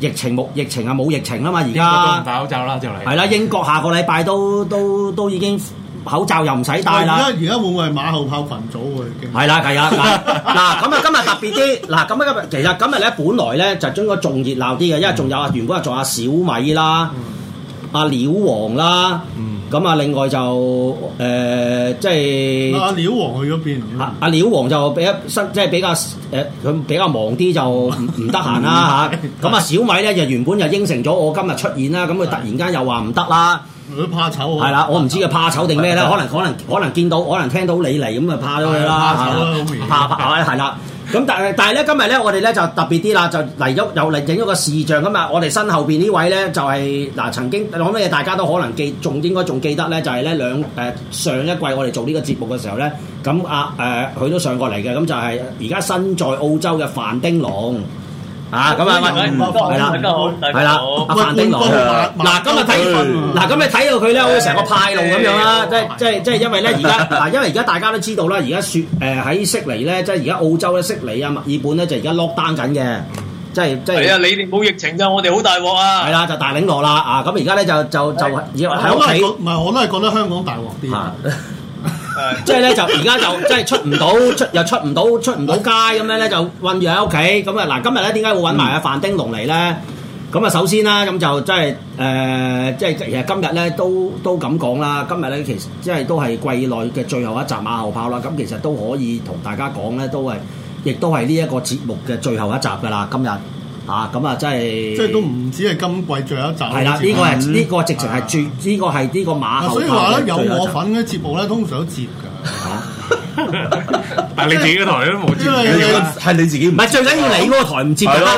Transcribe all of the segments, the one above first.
疫情冇疫情啊，冇疫情嘛啦嘛，而家戴口罩啦，就嚟係啦，英國下個禮拜都都都已經口罩又唔使戴啦。而家而家會唔會係馬後炮群組喎？係啦，今日嗱，咁啊，今日特別啲嗱，咁啊，今日其實今日咧本來咧就應該仲熱鬧啲嘅，因為仲有啊、嗯、原本係仲有小米啦，阿、嗯啊、鳥王啦。嗯咁啊，另外就誒、呃，即係阿鳥王去嗰邊，阿鳥、啊啊、王就比較新，即係比較誒，佢比較忙啲，就唔得閒啦嚇。咁 是啊，小米咧就 原本就應承咗我今日出現啦，咁佢突然間又話唔得啦，如果怕醜。係啦，我唔知佢怕醜定咩咧，可能可能的可能見到，可能聽到你嚟咁啊，怕咗佢啦，怕怕係啦。怕咁但係但係咧，今日咧，我哋咧就特別啲啦，就嚟咗又嚟影咗個視像噶嘛。我哋身後邊呢位咧，就係、是、嗱曾經攞乜嘢大家都可能記，仲應該仲記得咧，就係、是、咧兩誒、呃、上一季我哋做呢個節目嘅時候咧，咁阿誒佢都上過嚟嘅，咁就係而家身在澳洲嘅范丁龍。啊，咁啊，喂，係啦，大家好，係啦，阿范丁龍，嗱，今日睇，嗱，咁你睇到佢咧，好似成個派路咁樣啦，即係即係即係，因為咧而家，嗱，因為而家大家都知道啦，而家雪誒喺悉尼咧，即係而家澳洲咧，悉尼啊，墨爾本咧，就而家落單緊嘅，即係即係。係啊，你哋冇疫情就我哋好大鑊啊！係啦，就大領落啦啊！咁而家咧就就就喺屋企，唔係我都係覺得香港大鑊啲。即係咧就而家就即係出唔到出，又出唔到出唔到街，咁樣咧就困住喺屋企咁。啊，嗱，今日咧，點解會揾埋阿范丁龍嚟咧？咁啊，首先啦，咁就即係誒即係其實今日咧都，都咁講啦，今日咧其實即係都係季內嘅最後一集馬後炮啦，咁其實都可以同大家講咧，都係亦都係呢一個節目嘅最後一集噶啦今日。啊，咁啊、就是，真係，即係都唔止係今季，最後一集係啦，呢的接個係呢、這個直情係絕呢的個係呢個馬後炮，後、啊、所以話咧，有我份嘅節目咧，通常都接。但你自己個台都冇接，係你自己唔係，最緊要你嗰個台唔接得啦。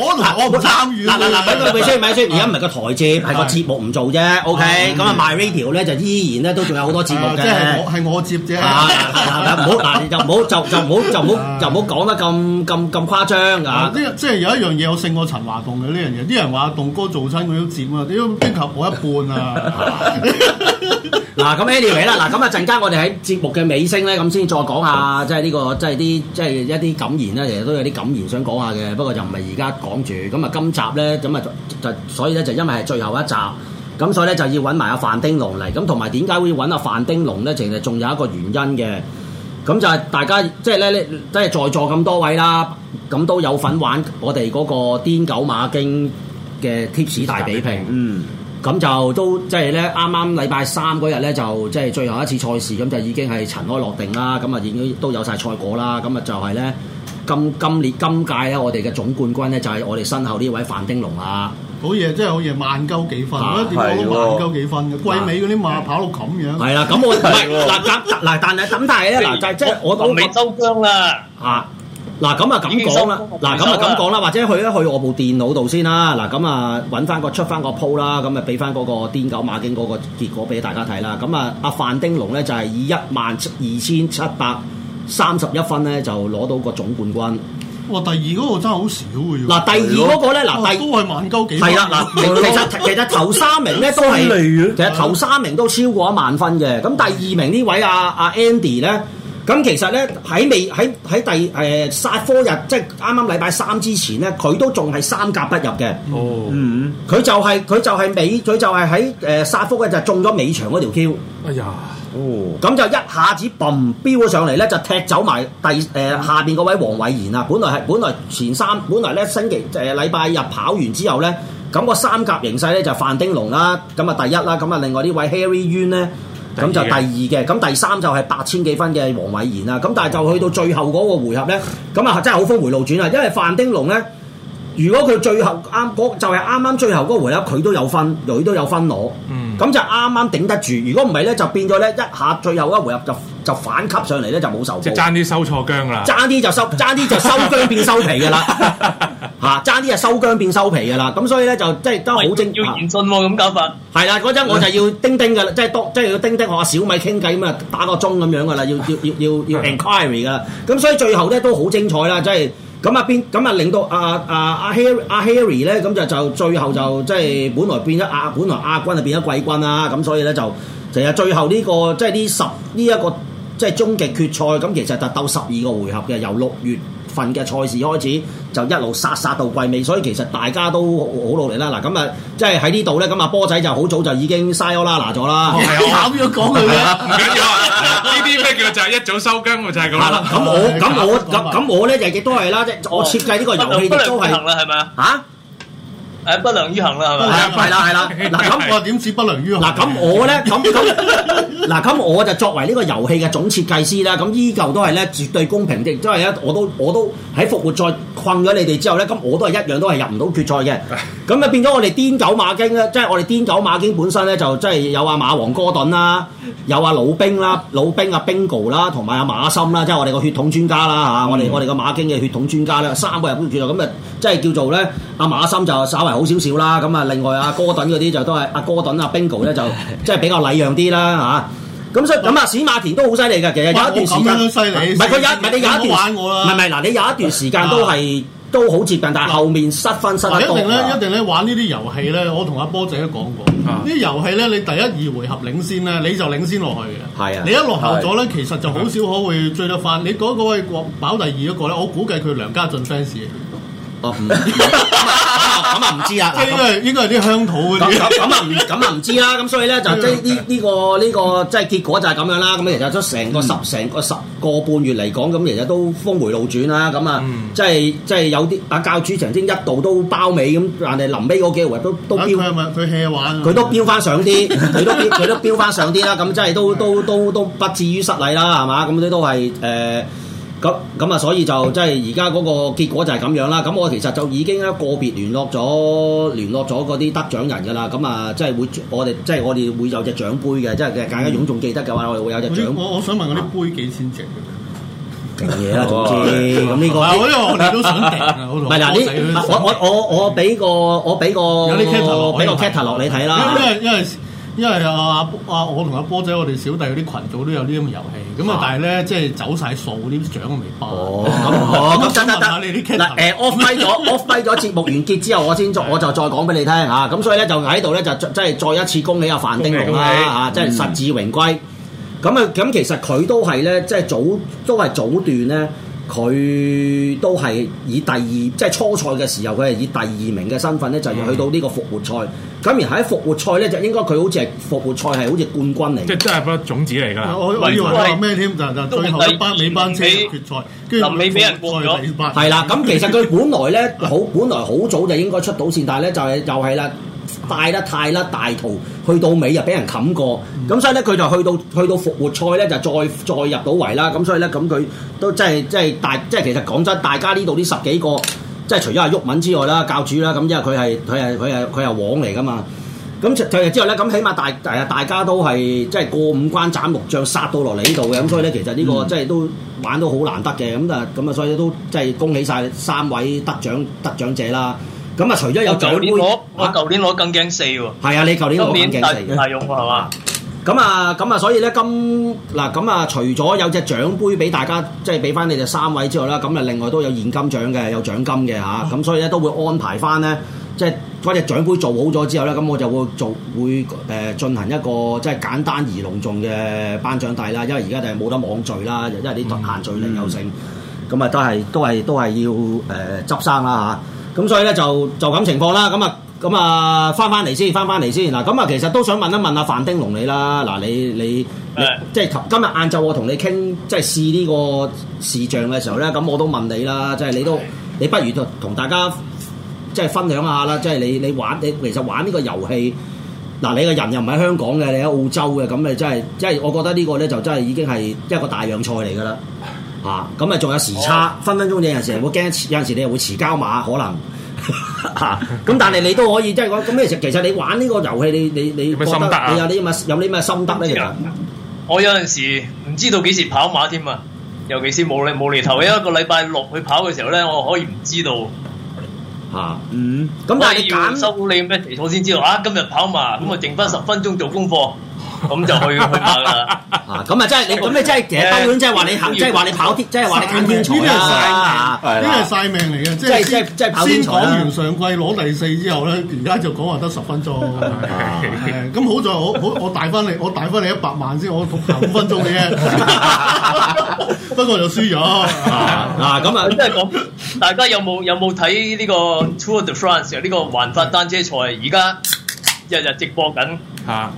我台我唔參與。嗱嗱嗱，咪咪咪咪咪，而家唔係個台接，係個節目唔做啫。OK，咁啊 MyRadio 咧就依然咧都仲有好多節目嘅。即係我係我接啫。嗱，唔好嗱，你就唔好就就唔好就唔好就唔好講得咁咁咁誇張啊！即係即係有一樣嘢我勝過陳華棟嘅呢樣嘢。啲人話棟哥做親佢都接啊，你都不及我一半啊！嗱咁 anyway 啦，嗱咁啊陣間我哋喺節目嘅尾聲咧，咁先再講下，嗯、即係呢、這個即係啲即係一啲感言咧，其實都有啲感言想講下嘅，不過就唔係而家講住，咁啊今集咧咁啊就，就所以咧就因為係最後一集，咁所以咧就要揾埋阿范丁龍嚟，咁同埋點解會揾阿范丁龍咧？其實仲有一個原因嘅，咁就係大家即係咧，即係在座咁多位啦，咁都有份玩我哋嗰個癲狗馬經嘅 tips 大比拼，嗯。咁就都即係咧，啱啱禮拜三嗰日咧就即係最後一次賽事，咁就已經係塵埃落定啦。咁啊，已經都有晒賽果啦。咁啊，就係咧今今年今屆咧，屆我哋嘅總冠軍咧就係、是、我哋身後呢位范丁龍啦、啊。好嘢，真係好嘢，萬鳩幾分，的我見到萬鳩幾分嘅，季尾嗰啲馬跑到咁樣。係啦，咁我嗱、啊， 但嗱但係咁大嘅嗱就係即係我未收姜啦。啊嗱咁啊咁講啦，嗱咁啊咁講啦，或者去咧去我部電腦度先啦，嗱咁啊揾翻個出翻個 po 啦，咁啊俾翻嗰個癲狗馬經嗰個結果俾大家睇啦，咁啊阿范丁龍咧就係以一萬二千七百三十一分咧就攞到個總冠軍。哇！第二嗰個真係好少嘅要。嗱第二嗰個咧，嗱第都係萬高幾。係啦，嗱其實其實頭三名咧都係其實頭三名都超過一萬分嘅，咁第二名呢位啊阿 Andy 咧。咁其實咧喺未喺喺第誒、呃、薩科日，即係啱啱禮拜三之前咧，佢都仲係三甲不入嘅、嗯。哦，嗯，佢就係佢就係美，佢就係喺誒薩福咧，就中咗尾場嗰條 Q。哎呀，哦，咁就一下子 boom 飆咗上嚟咧，就踢走埋第誒、呃、下邊嗰位黃偉賢啦。本來係本來前三，本來咧星期誒禮拜日跑完之後咧，咁個三甲形勢咧就係范丁龍啦，咁啊第一啦，咁啊另外呢位 Harry Yuan 咧。咁就第二嘅，咁第三就係八千幾分嘅王偉賢啦。咁但係就去到最後嗰個回合咧，咁啊真係好風迴路轉啊！因為范丁龍咧。如果佢最後啱、啊、就係啱啱最後嗰回合，佢都有分，佢都有分攞，咁、嗯、就啱啱頂得住。如果唔係咧，就變咗咧一下最後一回合就就反吸上嚟咧，就冇受波。即係爭啲收錯姜啦！爭啲就收，爭啲就收姜變收皮噶啦嚇！爭啲 就收姜變收皮噶啦。咁 所以咧就即係都好正，要言信喎咁搞法。係啦、啊，嗰陣、啊、我就要叮叮噶啦，即係多即係要叮叮我阿小米傾偈咁啊，打個鐘咁樣噶啦，要要要要要 enquiry 噶。咁 所以最後咧都好精彩啦，即、就、係、是。咁啊變，咁啊令到阿阿阿 Harry Harry 咧，咁就就最後就即係，本來變咗亞，本來亞軍就變咗季軍啦，咁、啊、所以咧就成日最後呢、呢個即係呢十呢一、呢個即係、即係、終極決賽，咁其實就鬥十二個回合嘅，由六月份嘅賽事開始就一路殺殺到季尾，所以其實大家都好努力啦。嗱，咁啊，即係喺呢度咧，咁阿波仔就好早就已經嘥咗啦，嗱咗啦。唔係你咁樣講佢嘅，唔緊要啊。呢啲咩叫就係一早收更就係咁。係啦，咁我咁我咁咁我咧就亦都係啦，即係我設計呢個遊戲都係。不良不良於行啦，係咪啊？嚇！誒，不良於行啦，係咪啊？係啦係啦，嗱咁我點似不良於行？嗱咁我咧咁。嗱，咁我就作為呢個遊戲嘅總設計師啦，咁依舊都係咧絕對公平的，即係咧我都我都喺復活賽困咗你哋之後咧，咁我都係一樣都係入唔到決賽嘅。咁啊 變咗我哋癲狗馬經咧，即係、就是、我哋癲狗馬經本身咧就即係有阿馬王哥頓啦，有阿老兵啦，老兵阿 Bingo 啦，同埋阿馬森啦，即、就、係、是、我哋個血統專家啦嚇，嗯、我哋我哋個馬經嘅血統專家咧，三個人都決賽三個入到決賽，咁啊即係叫做咧阿馬森就稍為好少少啦，咁啊另外阿、啊就是啊、哥頓嗰啲、啊、就都係阿哥頓阿 Bingo 咧就即係比較禮讓啲啦嚇。啊咁所以咁啊，冼馬田都好犀利嘅，其實有一段時間，唔係佢有，唔係你有一段，唔係唔係嗱，你有一段時間都係都好接近，但係後面失分失到一定咧，一定咧玩呢啲遊戲咧，我同阿波仔都講過，呢啲遊戲咧，你第一二回合領先咧，你就領先落去嘅，係啊，你一落後咗咧，其實就好少可會追得翻。你嗰個位國跑第二嗰個咧，我估計佢梁家俊 fans。咁啊唔知啊，即係應該係啲鄉土嗰啲。咁啊唔咁啊唔知啦，咁所以咧就呢呢呢個呢個即係結果就係咁樣啦。咁其實都成個十成個十個半月嚟講，咁其實都峰迴路轉啦。咁啊，即係即係有啲阿教主曾經一度都包尾咁，但係臨尾嗰幾回合都都飆。佢係咪佢 hea 玩？佢都飆翻上啲，佢都佢都飆翻上啲啦。咁即係都都都都不至於失禮啦，係嘛？咁啲都係誒。.咁咁啊，所以就即係而家嗰個結果就係咁樣啦。咁我其實就已經咧個別聯絡咗聯絡咗嗰啲得獎人噶啦。咁啊，即係會我哋即係我哋會有隻獎杯嘅。即係嘅，大家擁仲記得嘅話，我會有隻獎。我我想問嗰啲杯幾錢隻啊？訂嘢啦，總之咁呢個。我呢我哋都想訂啊，嗰度。唔係嗱，呢我我我我俾個我俾個俾個 caption 落你睇啦。因為因為。因為阿阿我同阿波仔，我哋小弟嗰啲群組都有呢啲咁嘅遊戲，咁啊但係咧即係走晒數，啲獎未包。哦，咁得得得，嗱誒，off mic 咗，off mic 咗， 嗯、節目完結之後，我先，我就再講俾你聽嚇。咁所以咧就喺度咧就即係再一次恭喜阿范丁龍啦嚇，okay, okay 嗯、即係實至榮歸。咁啊咁其實佢都係咧，即係早都係早段咧。佢都係以第二，即係初賽嘅時候，佢係以第二名嘅身份咧，就要去到呢個復活賽。咁而喺復活賽咧，就應該佢好似係復活賽係好似冠軍嚟嘅，即係真係粒種子嚟㗎。對我以為話咩添？就就對最後一班尾第2 班車決賽，跟住臨尾俾人過去咗係啦。咁後其實佢本來咧好， 本來好早就應該出到線，但係咧就係又係啦。就係就係就係大得太啦！大逃去到尾又俾人冚過，咁、嗯、所以咧佢就去到去到復活賽咧就再再入到圍啦。咁所以咧咁佢都即係即係，即係其實講真，大家呢度呢十幾個，即係除咗阿玉文之外啦，教主啦，咁因為佢係佢係佢係佢係王嚟噶嘛。咁退日之後咧，咁起碼大係大家都係即係過五關斬六將，殺到落嚟呢度嘅。咁所以咧，其實呢、這個即係都玩到好難得嘅。咁啊，咁啊，所以都即係恭喜晒三位得獎得獎者啦。啦咁啊！除咗有舊年攞，我舊年攞更驚四喎。係啊，你舊年攞更驚四。今年大、嗯、用係嘛？咁啊， 咁啊，所以咧，今嗱咁啊，啊，除咗有隻獎杯俾大家，即係俾翻你哋三位之外啦，咁啊，另外都有現金獎嘅，有獎金嘅吓。咁、啊哦、所以咧，都會安排翻咧，即係嗰隻獎杯做好咗之後咧，咁我就會做會誒、呃、進行一個即係簡單而隆重嘅頒獎大啦。因為而家就係冇得網聚啦，因為啲限聚令有成。咁啊都係都係都係要誒執生啦嚇。咁所以咧就就咁情況啦，咁啊咁啊翻翻嚟先，翻翻嚟先嗱，咁啊其實都想問一問阿范丁龍你啦，嗱你你即係今日晏晝我同你傾即係試呢個視像嘅時候咧，咁我都問你啦，即係你都你不如就同大家即係分享下啦，即係你你玩你其實玩呢個遊戲，嗱你個人又唔喺香港嘅，你喺澳洲嘅，咁你真係即係我覺得呢個咧就真係已經係一個大洋菜嚟噶啦。啊，咁啊仲有時差，哦、分分鐘有陣時會驚，有陣時你又會遲交馬可能。嚇、啊！咁但係你都可以即係講咁，其實其實你玩呢個遊戲，你你你覺得你有啲乜有啲乜心得咧㗎？我有陣時唔知道幾時跑馬添啊，尤其是冇嚟冇厘頭、嗯、一個禮拜六去跑嘅時候咧，我可以唔知道。嚇、啊！嗯，咁但係要收你咩嘢？我先知道啊！今日跑馬咁啊，嗯、剩翻十分鐘做功課。咁就去唔得啦！咁啊，即係你咁你真係嘅，即係話你行，即係話你跑啲，即係話你行啊，呢啲係晒命嚟嘅，即係即係即係。先講完上季攞第四之後咧，而家就講話得十分鐘。咁好在我好，我帶翻你，我帶翻你一百萬先，我行五分鐘嘅啫。不過就輸咗啊！咁啊，即係講大家有冇有冇睇呢個 Tour de France 呢個環法單車賽？而家日日直播緊啊！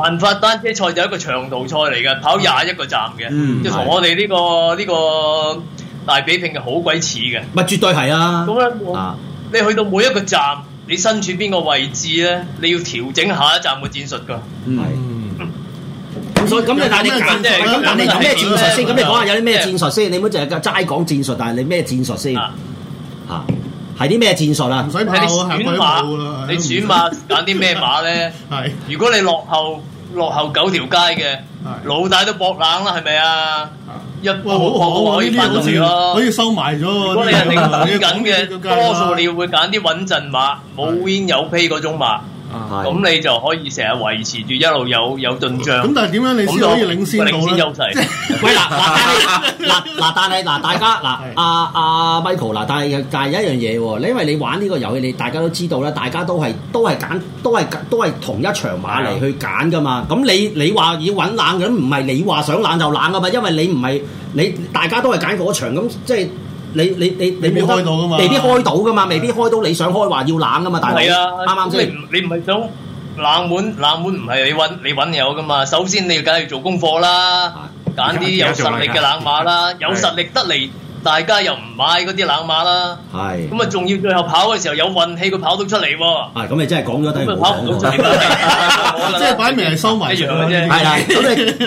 環法單車賽就一個長途賽嚟嘅，跑廿一個站嘅，即同我哋呢個呢個大比拼嘅好鬼似嘅，咪係絕對係啊。咁咧，你去到每一個站，你身處邊個位置咧，你要調整下一站嘅戰術噶。嗯，咁所以咁你但係你咁，咁但係你有咩戰術先？咁你講下有啲咩戰術先？你唔好淨係齋講戰術，但係你咩戰術先？啊。係啲咩戰術啊？你選馬，你選馬揀啲咩馬咧？係，如果你落後落後九條街嘅，老大都搏冷啦，係咪啊？一搏搏可以翻到嚟咯，可以收埋咗。如果你係等緊嘅，多數你會揀啲穩陣馬，冇煙有批嗰種馬。咁、啊、你就可以成日維持住一路有有進賬，咁、嗯、但係點樣你先可以領先到領先優勢？喂嗱，嗱、 啊啊啊、但係嗱但係嗱大家嗱阿阿 Michael 嗱、啊，但係但係、 啊、一樣嘢喎，你因為你玩呢個遊戲，你大家都知道啦，大家都係都係揀都係都係同一場馬嚟去揀㗎嘛。咁你你話要揾冷咁，唔係你話想冷就冷㗎嘛。因為你唔係你大家都係揀嗰場咁即係。你你你你未必開到噶嘛，未必開到噶嘛，未必開到你想開話要冷噶嘛，大佬。係啊，啱唔啱先？你唔你唔係想冷門？冷門唔係你揾你揾有噶嘛？首先你要梗係要做功課啦，揀啲有實力嘅冷馬啦，有實力得嚟，大家又唔買嗰啲冷馬啦。係。咁啊，仲要最後跑嘅時候有運氣，佢跑到出嚟喎。咁，你真係講咗，跑當然冇講。即係擺明係收埋一樣嘅啫。係咁你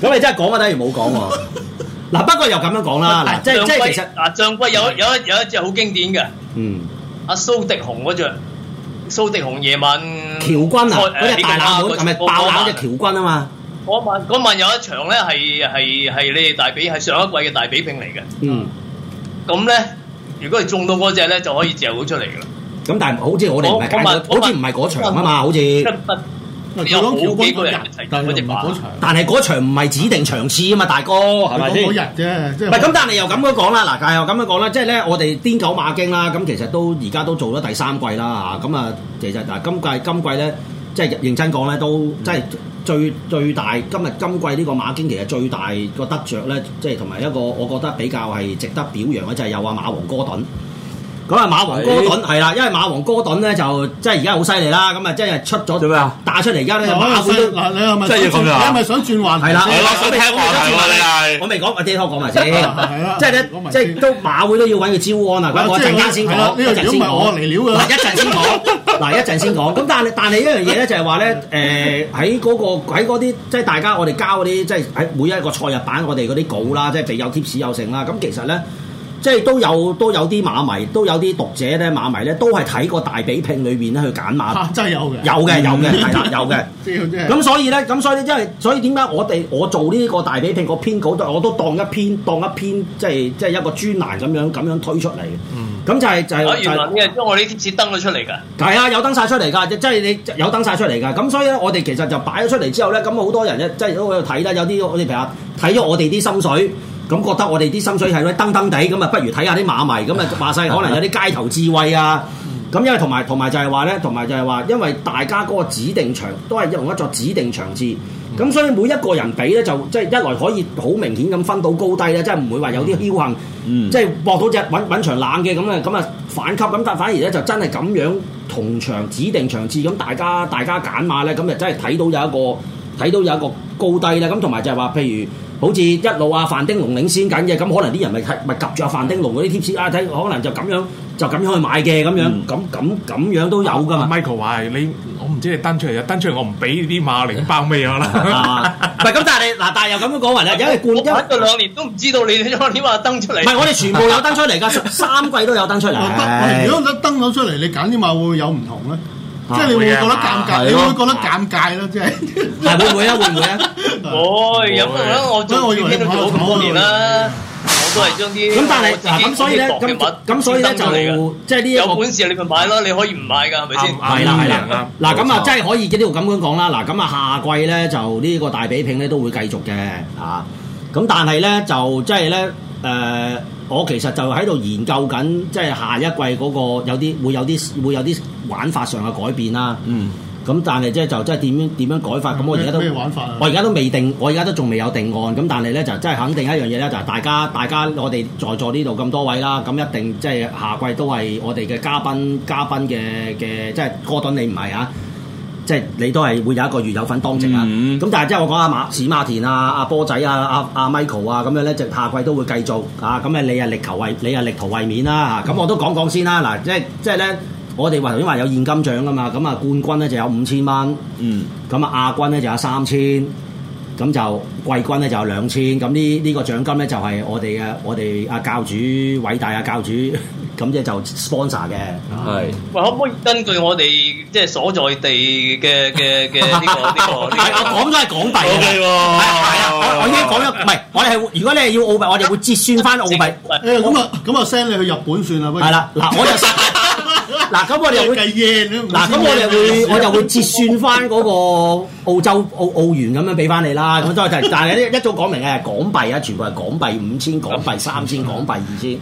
咁你真係講啊，當然冇講喎。嗱，不過又咁樣講啦，嗱，即係即係其實，嗱，將龜有有一有一隻好經典嘅，嗯，阿蘇迪雄嗰隻，蘇迪雄夜晚喬軍啊，嗰隻大冷，係咪爆嗰隻喬軍啊嘛？嗰晚有一場咧，係係係你哋大比，係上一季嘅大比拼嚟嘅，嗯，咁咧，如果係中到嗰隻咧，就可以借由出嚟噶啦。咁但係，好似我哋唔係，好似唔係嗰場啊嘛，好似。佢講有幾個人，但係我嗰場，但係嗰場唔係指定場次啊嘛，大哥，係咪先？唔係咁，但係又咁樣講啦，嗱，又咁樣講啦，即係咧，我哋癲狗馬經啦，咁其實都而家都做咗第三季啦嚇，咁啊，其實嗱，今季今季咧，即係認真講咧，都即係最最大今日今季呢個馬經其實最大個得着咧，即係同埋一個我覺得比較係值得表揚嘅就係、是、有阿馬王哥頓。咁啊，馬王哥頓係啦，因為馬王哥頓咧就即係而家好犀利啦，咁啊即係出咗點樣啊？打出嚟而家咧馬會都，嗱你係咪想你係咪想轉換？係啦，我未聽話，你我未講，阿爹兄講埋先，即係咧，即係都馬會都要揾佢招安啊！揾我陣間先講，一陣先講，嗱一陣先講，嗱一陣先講。咁但係但係一樣嘢咧，就係話咧誒喺嗰個喺嗰啲即係大家我哋交嗰啲即係喺每一個賽日版我哋嗰啲稿啦，即係備有貼士有成啦。咁其實咧。即係都有都有啲馬迷，都有啲讀者咧，馬迷咧都係睇過大比拼裏面咧去揀馬。真係有嘅，有嘅，有嘅，係啦，有嘅。咁所以咧，咁所以因為所以點解我哋我做呢個大比拼個編稿都我都當一篇當一篇即係即係一個專欄咁樣咁樣推出嚟嘅。嗯。咁就係就係就係。原嘅，就因為我呢啲貼士登咗出嚟㗎。係啊，有登晒出嚟㗎，即係你有登晒出嚟㗎。咁所以咧，我哋其實就擺咗出嚟之後咧，咁好多人咧，即係都喺度睇啦，有啲我哋平日睇咗我哋啲心水，咁覺得我哋啲心水係咧登登地，咁啊不如睇下啲馬迷，咁啊馬西可能有啲街頭智慧啊。咁因為同埋同埋就係話咧，同埋就係話，因為大家嗰個指定場都係用一座指定場次，咁所以每一個人比咧就即係、就係、一來可以好明顯咁分到高低咧，即係唔會話有啲僥幸，即係博到隻搵搵場冷嘅咁啊咁啊反級。咁但反而咧就真係咁樣同場指定場次咁，大家大家揀馬咧，咁就真係睇到有一個睇到有一個高低咧。咁同埋就係話譬如。好似一路阿范丁龍領先緊嘅，咁可能啲人咪係咪夾住阿范丁龍嗰啲 tips 啊？睇可能就咁樣就咁樣去買嘅咁樣，咁咁咁樣都有噶嘛、啊、？Michael 話你，我唔知你登出嚟，登出嚟我唔俾啲馬嚟包咩 啊啦？唔、啊、咁、啊，但係嗱，但係又咁樣講話咧，啊、因為冠一到兩年都唔知道你啲馬登出嚟。唔係、啊，我哋全部有登出嚟噶， 三季都有登出嚟。如果登登到出嚟，你揀啲馬會,會有唔同咧。即係你會覺得尷尬，你會覺得尷尬咯，即係。係會唔會啊？會唔會啊？我飲完咧，我將我用嚟炒炒田啦。我都係將啲咁，但係嗱，咁所以咧，咁咁所以就即係呢一個有本事你咪買咯，你可以唔買㗎，係咪先？係啦，係啦。嗱，咁啊，即係可以啲咁樣講啦。嗱，咁啊，夏季咧就呢個大比拼咧都會繼續嘅，嚇。咁但係咧就即係咧，誒。我其實就喺度研究緊，即係下一季嗰、嗰個有啲會有啲會有啲玩法上嘅改變啦。嗯。咁但係即係就即係點樣點樣改、嗯、法咁、啊？我而家都玩法我而家都未定，我而家都仲未有定、定案。咁但係咧就即係肯定一樣嘢咧，就係、大家大家我哋在座呢度咁多位啦，咁一定即係下季都係我哋嘅嘉賓嘉賓嘅嘅，即係哥頓你唔係啊？即係你都係會有一個月有份當值啊！咁但係即係我講下馬史馬田啊、阿波仔啊、阿阿 Michael 啊咁樣咧，就下季都會繼續啊！咁啊，你係力求為你係力圖衛冕啦嚇！咁我都講講先啦，嗱，即係即係咧，我哋頭先話有現金獎㗎嘛，咁啊冠軍咧就有五千蚊，咁啊亞軍咧就有三千，咁就季軍咧就有兩千，咁呢呢個獎金咧就係我哋嘅，我哋啊，教主偉大啊教主。咁即就 sponsor 嘅，係。喂，可唔可以根據我哋即係所在地嘅嘅嘅呢個呢個？我講咗係港幣。OK 喎。係我已經講咗，唔係，我哋係如果你係要澳幣，我哋會折算翻澳幣。咁啊咁啊，send 你去日本算啦，不如。係啦，嗱，我就嗱，咁我哋會，嗱，咁我哋會，我就會折算翻嗰個澳洲澳澳元咁樣俾翻你啦。咁都係，但係一早講明嘅港幣啊，全部係港幣，五千港幣，三千港幣，二千。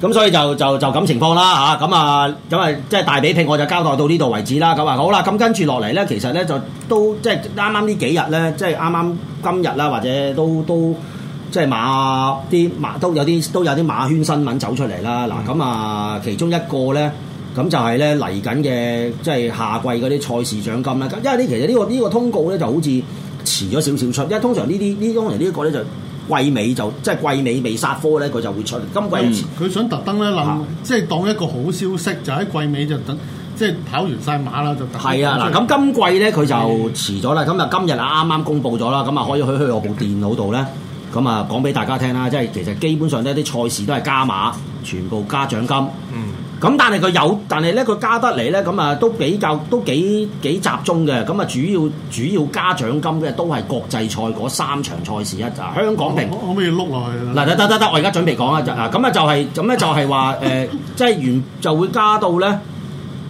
咁所以就就就咁情況啦嚇，咁啊咁啊，啊即係大比拼，我就交代到呢度為止啦。咁啊好啦，咁跟住落嚟咧，其實咧就都即係啱啱呢幾日咧，即係啱啱今日啦，或者都都即係馬啲馬都有啲都有啲馬圈新聞走出嚟啦。嗱、啊，咁啊其中一個咧，咁、嗯、就係咧嚟緊嘅即係夏季嗰啲賽事獎金啦。因為啲其實呢、呢個呢、呢個通告咧就好似遲咗少少出，因為通常呢啲呢通常呢一個咧就。季尾就即係季尾未殺科咧，佢就會出嚟。今季佢想特登咧諗，啊、即係當一個好消息，就喺季尾就等，即係跑完晒馬啦就。係啊，嗱，咁今季咧佢就遲咗啦。咁啊今日啊啱啱公布咗啦，咁啊可以去去我部電腦度咧，咁啊講俾大家聽啦。即係其實基本上咧啲賽事都係加碼，全部加獎金。嗯咁但係佢有，但係咧佢加得嚟咧，咁啊都比較都幾幾集中嘅。咁啊主要主要加獎金嘅都係國際賽嗰三場賽事一陣，香港平。我可唔可以碌落去啦？嗱得得得，我而家準備講一陣啊。咁啊就係咁咧就係話誒，即係完就會加到咧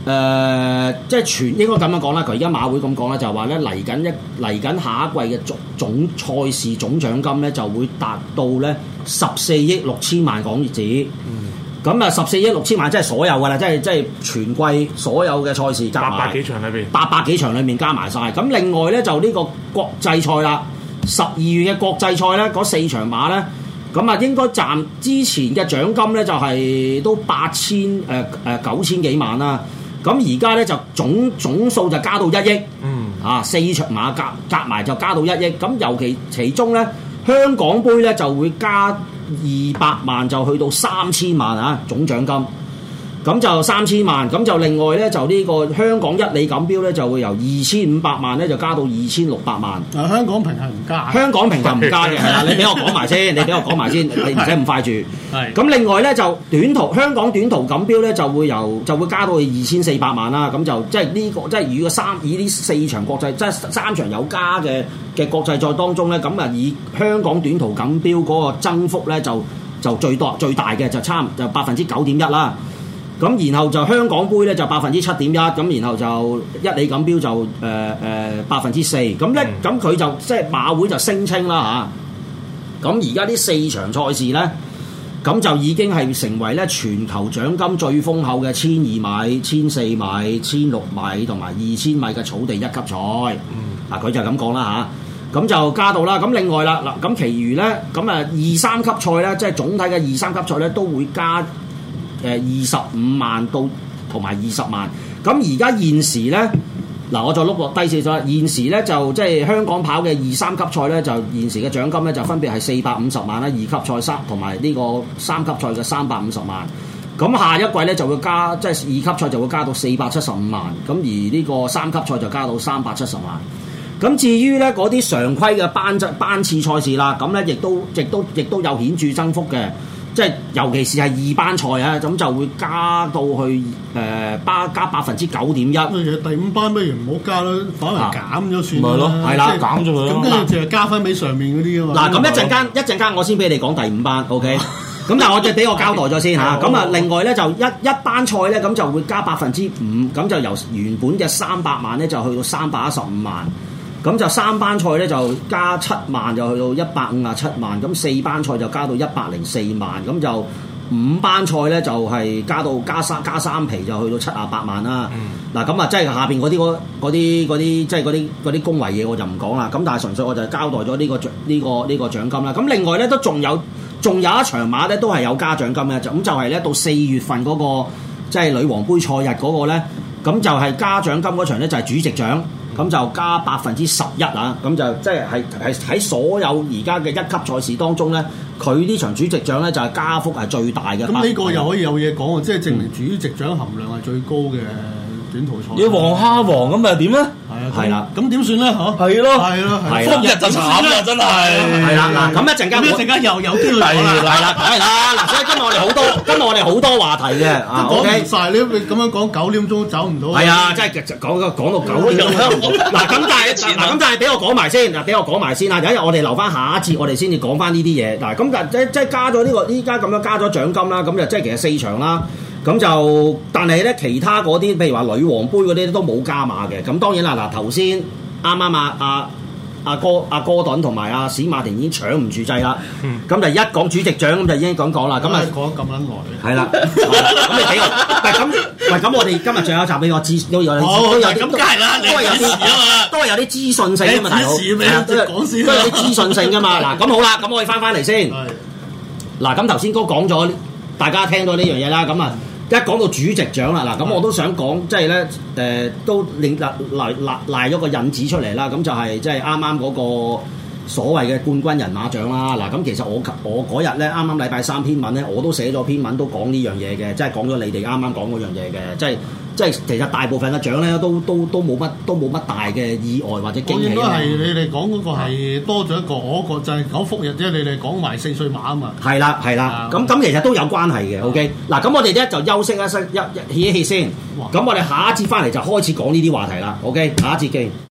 誒，即係全應該咁樣講啦。佢而家馬會咁講咧，就係話咧嚟緊一嚟緊下一季嘅總總賽事總獎金咧就會達到咧十四億六千萬港元紙。咁啊十四億六千萬，即係所有噶啦，即係即係全季所有嘅賽事加埋八百幾場裏邊，八百幾場裏面加埋晒。咁另外咧就呢個國際賽啦，十二月嘅國際賽咧嗰四場馬咧，咁啊應該賺之前嘅獎金咧就係、是、都八千誒誒、呃呃、九千幾萬啦。咁而家咧就總總數就加到一億，嗯啊四場馬加加埋就加到一億。咁尤其其中咧香港杯咧就會加。二百萬就去到三千萬啊，總獎金。咁就三千萬，咁就另外呢，就呢個香港一里錦標呢，就會由二千五百萬呢，就加到二千六百萬。香港平係唔加。香港平就唔加嘅，係啦， 你俾我講埋先，你俾我講埋先， 你唔使咁快住。係。咁另外呢，就短途香港短途錦標呢，就會由就會加到去二千四百萬啦。咁就即係呢個，即係如果三以呢四場國際即係三場有加嘅嘅國際賽當中呢，咁啊以香港短途錦標嗰個增幅呢，就就最多最大嘅就差唔就百分之九點一啦。咁然後就香港杯咧就百分之七點一，咁然後就一哩錦標就誒誒百分之四，咁咧咁佢就即係馬會就聲稱啦吓，咁而家呢四場賽事咧，咁就已經係成為咧全球獎金最豐厚嘅千二米、千四米、千六米同埋二千米嘅草地一級賽。嗱、嗯，佢就咁講啦吓，咁、啊、就加到啦。咁另外啦嗱，咁其餘咧咁啊二三級賽咧，即係總體嘅二三級賽咧都會加。誒二十五萬到同埋二十萬，咁而家現時呢，嗱我再碌 o 個低少少，現時呢，就即係香港跑嘅二三級賽呢，就現時嘅獎金呢，就分別係四百五十萬啦，二級賽三同埋呢個三級賽嘅三百五十萬。咁下一季呢，就會加，即係二級賽就會加到四百七十五萬，咁而呢個三級賽就加到三百七十萬。咁至於呢嗰啲常規嘅班則班次賽事啦，咁呢亦都亦都亦都有顯著增幅嘅。即係尤其是係二班菜啊，咁就會加到去誒八、呃、加百分之九點一。 第五班不如唔好加啦，反而減咗算啦。咯，係啦，減咗佢。咁咧就加翻俾上面嗰啲啊嘛。嗱，咁一陣間一陣間我先俾你講第五班，OK？咁 但係我先俾我交代咗先吓。咁啊，另外咧就一一班菜咧，咁就會加百分之五，咁就由原本嘅三百萬咧就去到三百一十五萬。咁就三班賽咧就加七萬就去到一百五十七萬，咁四班賽就加到一百零四萬，咁就五班賽咧就係加到加三加三皮就去到七十八萬啦。嗱、嗯嗯，咁啊，即係下邊嗰啲嗰嗰啲啲即係啲啲恭維嘢我就唔講啦。咁但係純粹我就交代咗呢個獎呢個呢個獎金啦。咁另外咧都仲有仲有一場馬咧都係有加獎金嘅，就咁就係咧到四月份嗰個即係女王杯賽日嗰個咧，咁就係加獎金嗰場咧就係主席獎。咁就加百分之十一啊！咁就即係係喺所有而家嘅一級賽事當中咧，佢呢場主席獎咧就係加幅係最大嘅。咁呢個又可以有嘢講喎，即係證明主席獎含量係最高嘅短途賽。你黃蝦王咁又點咧？係啦，咁點算咧？嗬，係咯，係咯，復日就慘啦，真係。係啦，嗱，咁一陣間，一陣間又有啲嚟講啦。係啦，係啦，嗱，所以今日我哋好多，今日我哋好多話題嘅。啊，講唔晒，你咁樣講九點鐘走唔到。係啊，即係講講到九點啦。嗱，咁但係，嗱，咁但係俾我講埋先，嗱，俾我講埋先啦。有一日我哋留翻下一節，我哋先至講翻呢啲嘢。嗱，咁就即即加咗呢個，依家咁樣加咗獎金啦，咁就即係其實四場啦。咁就，但係咧，其他嗰啲，譬如話女王杯嗰啲都冇加碼嘅。咁當然啦，嗱頭先啱啱啊，阿阿哥阿哥頓同埋阿冼馬田已經搶唔住掣啦。咁就一講主席獎，咁就已經講講啦。咁啊講咁撚耐。係啦，咁你耐。唔係咁，唔咁。我哋今日最後一集話，自都都有都有。咁梗係啦，都係有時啊嘛，都係有啲資訊性啊嘛，大佬。講都有啲資訊性噶嘛。嗱，咁好啦，咁我哋翻翻嚟先。嗱，咁頭先哥講咗，大家聽到呢樣嘢啦，咁啊。一講到主席獎啦，嗱咁我都想講，即係咧，誒、呃、都令嗱嗱嗱賴咗個引子出嚟啦，咁就係、是、即係啱啱嗰個所謂嘅冠軍人馬獎啦，嗱咁其實我我嗰日咧啱啱禮拜三篇文咧，我都寫咗篇文都講呢樣嘢嘅，即係講咗你哋啱啱講嗰樣嘢嘅，即係。即係其實大部分嘅獎咧都都都冇乜都冇乜大嘅意外或者驚喜。應該係你哋講嗰個係多咗一個，我個就係九福日啫。你哋講埋四歲馬啊嘛。係啦係啦，咁咁、嗯、其實都有關係嘅。O K，嗱咁我哋呢就休息一息一歇一歇先。咁哇我哋下一節翻嚟就開始講呢啲話題啦。O、okay? K，下一節見。